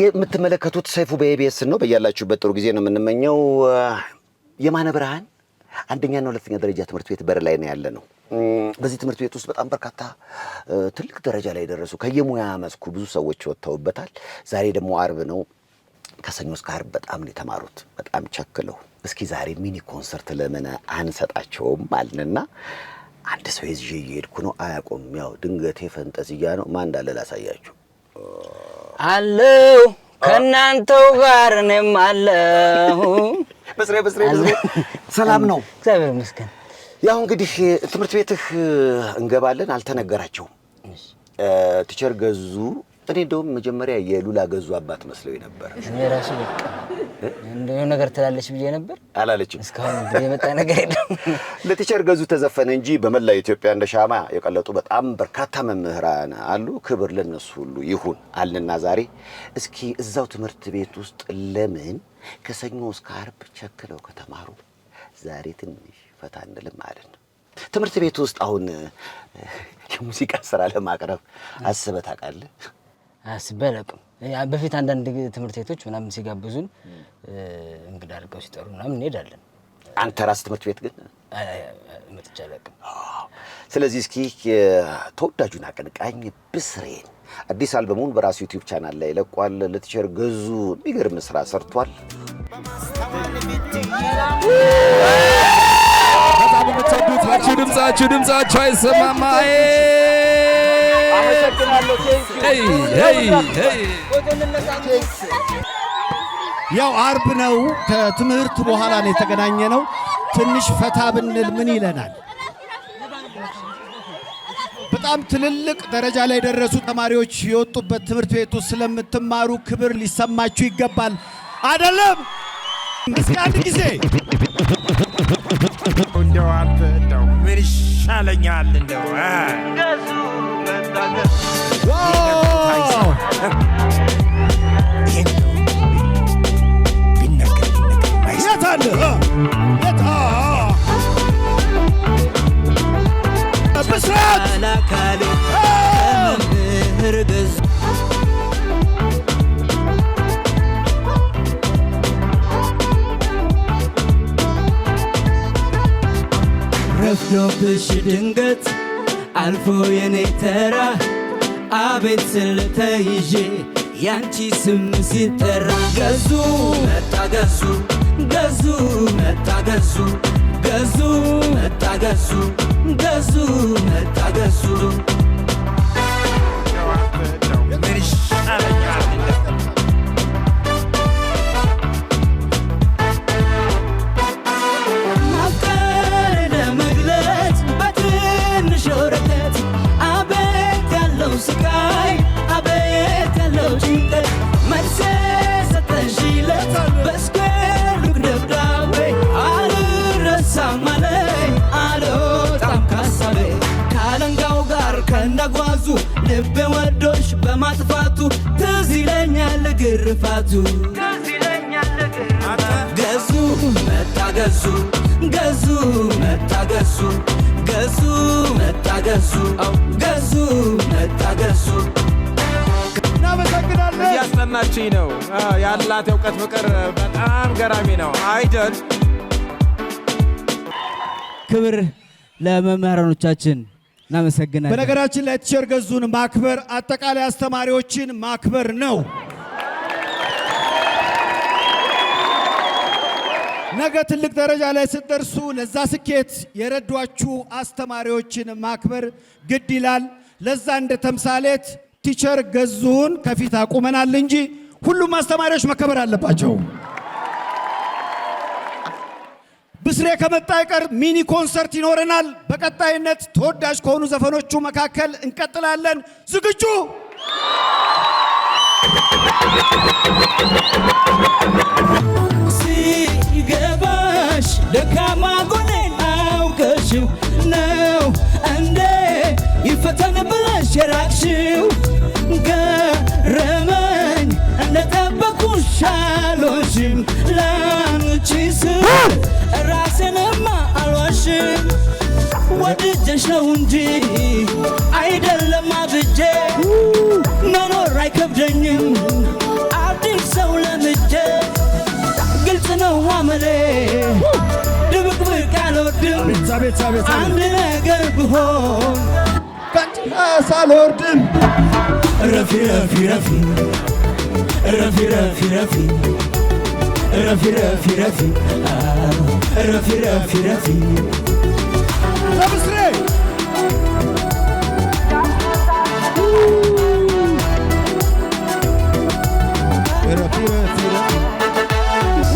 የምትመለከቱት ሰይፉ በኢቢኤስ ነው። በያላችሁበት ጥሩ ጊዜ ነው የምንመኘው። የማነ ብርሃን አንደኛና ሁለተኛ ደረጃ ትምህርት ቤት በር ላይ ነው ያለ ነው። በዚህ ትምህርት ቤት ውስጥ በጣም በርካታ ትልቅ ደረጃ ላይ የደረሱ ከየሙያ መስኩ ብዙ ሰዎች ወጥተውበታል። ዛሬ ደግሞ አርብ ነው። ከሰኞ እስከ አርብ በጣም ነው የተማሩት፣ በጣም ቸክለው። እስኪ ዛሬ ሚኒ ኮንሰርት ለምን አንሰጣቸውም አልንና አንድ ሰው ይዤ እየሄድኩ ነው፣ አያቆም ያው ድንገቴ ፈንጠዝያ ነው። ማን እንዳለ ላሳያችሁ አለው ከእናንተው ጋር እኔም አለሁ። በስሬ በስሬ ሰላም ነው፣ እግዚአብሔር ይመስገን። ያው እንግዲህ ትምህርት ቤትህ እንገባለን። አልተነገራቸውም ቲቸር ገዙ እኔ እንደውም መጀመሪያ የሉላ ገዙ አባት መስለው ነበር። እኔ ራሱ በቃ እንደው ነገር ትላለች ብዬ ነበር። አላለችም። እስካሁን የመጣ ነገር የለም። ለቲቸር ገዙ ተዘፈነ እንጂ በመላ ኢትዮጵያ እንደ ሻማ የቀለጡ በጣም በርካታ መምህራን አሉ። ክብር ለነሱ ሁሉ ይሁን አልንና ዛሬ እስኪ እዛው ትምህርት ቤት ውስጥ ለምን ከሰኞ እስከ አርብ ቸክለው ከተማሩ ዛሬ ትንሽ ፈታ እንልም አለን። ነው። ትምህርት ቤት ውስጥ አሁን የሙዚቃ ስራ ለማቅረብ አስበህ ታውቃለህ? አስቤ በፊት አንዳንድ ትምህርት ቤቶች ምናምን ሲጋብዙን እንግዳ አድርገው ሲጠሩ ምናምን እንሄዳለን። አንተ ራስ ትምህርት ቤት ግን መጥቼ አላውቅም። ስለዚህ እስኪ ተወዳጁን አቀንቃኝ ብስሬን አዲስ አልበሙን በራሱ ዩቲዩብ ቻናል ላይ ለቋል። ልትሸር ገዙ የሚገርም ስራ ሰርቷል። በጣም የምትወዱት ድምጻችሁ ድምጻችሁ አይሰማማ ያው አርብ ነው። ከትምህርት በኋላ ነው የተገናኘ ነው። ትንሽ ፈታ ብንል ምን ይለናል? በጣም ትልልቅ ደረጃ ላይ ደረሱ ተማሪዎች የወጡበት ትምህርት ቤቱ ስለምትማሩ ክብር ሊሰማችሁ ይገባል። አይደለም እስኪ አንድ ጊዜ እንደው አንተ እንደው ምን ይሻለኛል እንደው ብስራት ወርዶብሽ ድንገት አልፎ የኔ ተራ አቤት ስል ተይዤ ያንቺ ስም ሲጠራ ገዙ መጣ ገዙ ገዙ መጣ ገዙ ገዙ መጣ ገዙ ገዙ መጣ ገዙ ግርፋቱ ገዙ መጣ ገዙ ገዙ መጣ ገዙ ገዙ መጣ ገዙ ገዙ መጣ ገዙ እናመሰግናለን። እያስጠናችኝ ነው ያላት እውቀት ፍቅር በጣም ገራሚ ነው አይደል? ክብር ለመምህራኖቻችን እናመሰግናለን። በነገራችን ላይ ቲቸር ገዙን ማክበር አጠቃላይ አስተማሪዎችን ማክበር ነው። ነገ ትልቅ ደረጃ ላይ ስትደርሱ ለዛ ስኬት የረዷችሁ አስተማሪዎችን ማክበር ግድ ይላል። ለዛ እንደ ተምሳሌት ቲቸር ገዙሁን ከፊት አቁመናል እንጂ ሁሉም አስተማሪዎች መከበር አለባቸው። ብስሬ ከመጣ ይቀር ሚኒ ኮንሰርት ይኖረናል። በቀጣይነት ተወዳጅ ከሆኑ ዘፈኖቹ መካከል እንቀጥላለን። ዝግጁ Thank ደካማ ጎኔን አውቀሽው ነው እንዴ ይፈተን ብለሽ የራቅሽው ገረመኝ እንደጠበኩሽ አልሆንሽም ላንቺ ራሴንማ አልዋሽም ወድጀሽ ነው እንጂ አይደለም አብጄ መኖር አይከብደኝም አዲስ ሰው ለምጄ ግልጽ ነው አመሌ ሳልወድም ቤታ ቤታ ቤታ አንድ ነገር ብሆን ከአንቺ ሳልወርድም ረፊ ረፊ ረፊ ረፊ ረፊ ረፊ ረፊ ረፊ ረፊ ረፊ ረፊ ረፊ ተምስሬ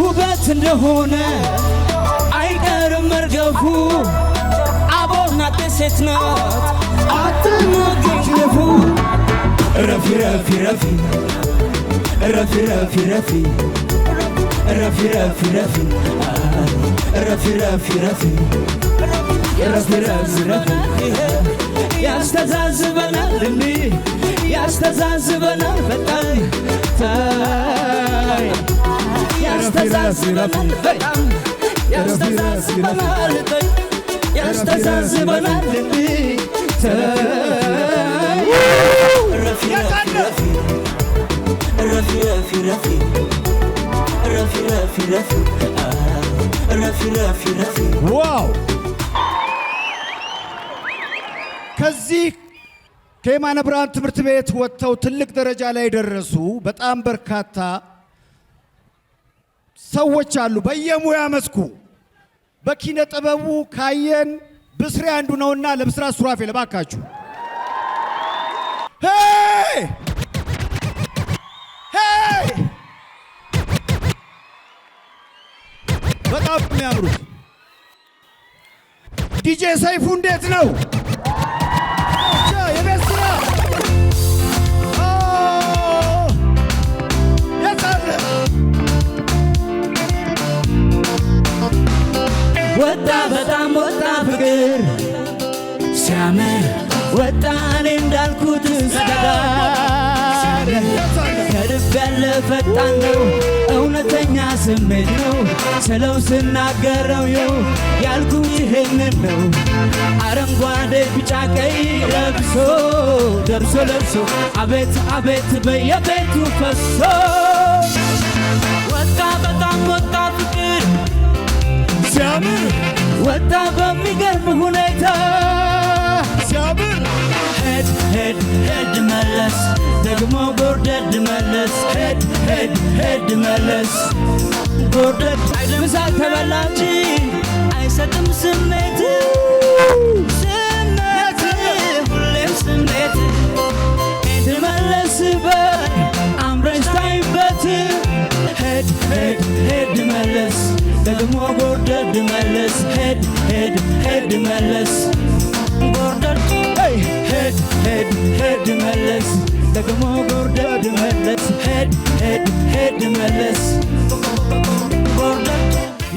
ውበት እንደሆነ ستنات عطناك نفور رفي رفي رفي رفي رفي رفي رفي رفي رفي رفي رفي رفي رفي رفي رفي ያስተዛዝበናል እንዲ ያስተዛዝበናል በጣም ታይ ያስተዛዝበናል በጣም ያስተዛዝበናል ታይ ያስተዛዝበናል ዋው! ከዚህ ከየማነ ብርሃን ትምህርት ቤት ወጥተው ትልቅ ደረጃ ላይ ደረሱ። በጣም በርካታ ሰዎች አሉ በየሙያ መስኩ በኪነ ጥበቡ ካየን ብስሬ አንዱ ነውና ለብስራት ሱራፌል እባካችሁ በጣም የሚያምሩት ዲጄ ሰይፉ እንዴት ነው? ወጣ በጣም ወጣ ፍቅር ሲያምር ወጣ እኔ እንዳልኩት ከልብ ያለ ፈጣን ነው እውነተኛ ስሜት ነው ስለው ስናገረው የው ያልኩ ይህንን ነው አረንጓዴ ቢጫ ቀይ ለብሶ ደርሶ ለብሶ አቤት አቤት በየቤቱ ፈሶ ወጣ በጣም ወጣ ሲያምር ወጣ በሚገርም ሁኔታ ሲያምር ሄድ ሄድ ሄድ መለስ ደግሞ ጎርደድ መለስ ሄድ ሄድ ሄድ መለስ ጎርደድ ተበላ እንጂ አይሰጥም ስሜት ሄድ ሄድ መለስ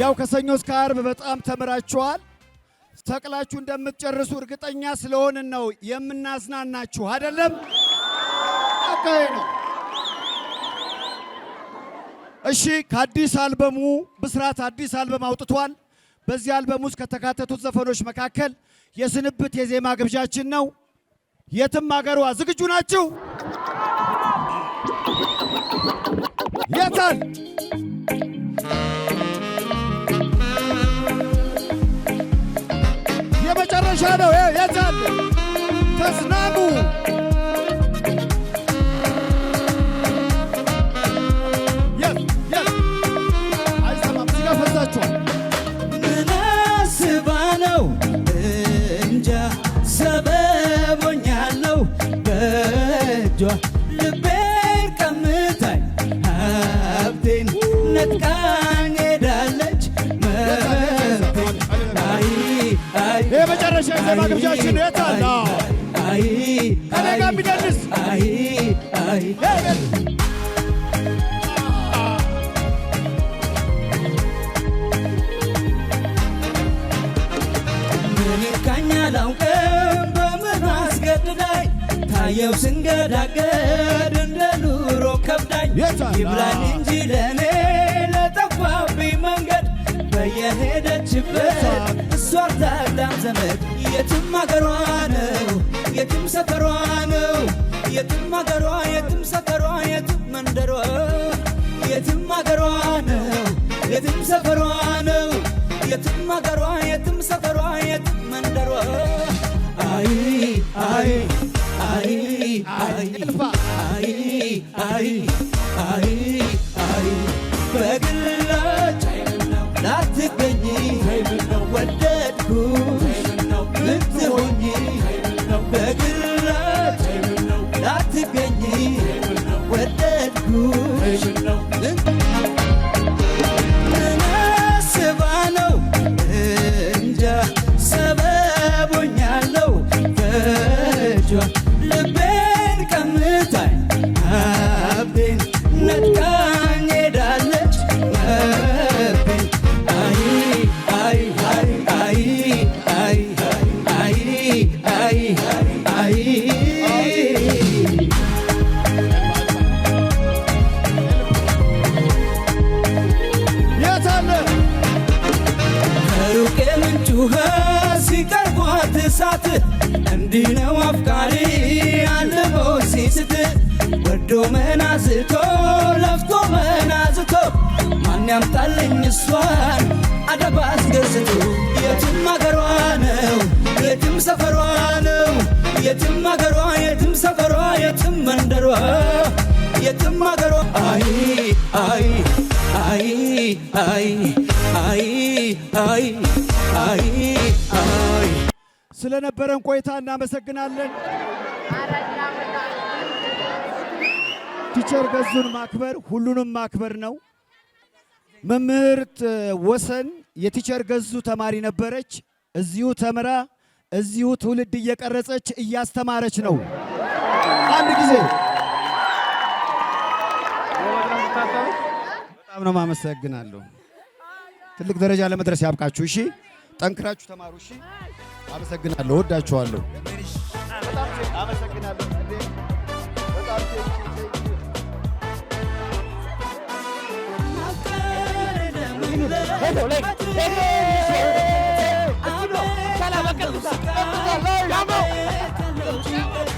ያው ከሰኞ እስከ ዓርብ በጣም ተምራችኋል። ሰቅላችሁ እንደምትጨርሱ እርግጠኛ ስለሆንን ነው የምናዝናናችሁ። አይደለም አካይ ነው። እሺ፣ ከአዲስ አልበሙ ብስራት አዲስ አልበም አውጥቷል። በዚህ አልበም ውስጥ ከተካተቱት ዘፈኖች መካከል የስንብት የዜማ ግብዣችን ነው። የትም አገሯ ዝግጁ ናችሁ? Yeter! የመጨረሻ ነው። የዛን ተስና የጨለማ ግብዣችን የታላ ከነጋ የሚደንስ ላውቅም በምን አስገድዳይ ታየው ስንገዳገድ እንደ ኑሮ ከብዳኝ ይብላኝ እንጂ ለእኔ ለጠፋብኝ መንገድ በየሄደችበት እሷ አርታዳም ዘመድ የትም አገሯ ነው የትም ሰፈሯ ነው የትም አገሯ የትም ሰፈሯ የትም መንደሯ የትም አገሯ ነው የትም ሰፈሯ ነው የትም አገሯ የትም ሰፈሯ የትም መንደሯ አይ አይ አይ አይ አይ አይ አይ በግላጭ ላትገኝ ወደድኩ ልቤን ቀምታኝ አቤን ነጥቃኝ ሄዳለች መቤን አይ አይ አይ አይ አይ አይ አይ አይ ሩቅ ምንጩ ሲቀርቧት እሳት ሰርቶ ለፍቶ መናዝቶ ማን ያምጣልኝ እሷን አደባ አስገዝቶ የትም አገሯ ነው የትም ሰፈሯ ነው የትም አገሯ የትም ሰፈሯ የትም መንደሯ የትም አገሯ አይ አይ አይ አይ አይ አይ አይ አይ ስለነበረን ቆይታ እናመሰግናለን። ቲቸር ገዙን ማክበር ሁሉንም ማክበር ነው። መምህርት ወሰን የቲቸር ገዙ ተማሪ ነበረች። እዚሁ ተምራ እዚሁ ትውልድ እየቀረጸች እያስተማረች ነው። አንድ ጊዜ በጣም ነው ማመሰግናለሁ። ትልቅ ደረጃ ለመድረስ ያብቃችሁ። እሺ፣ ጠንክራችሁ ተማሩ። እሺ፣ አመሰግናለሁ። ወዳችኋለሁ። Eso, Lex.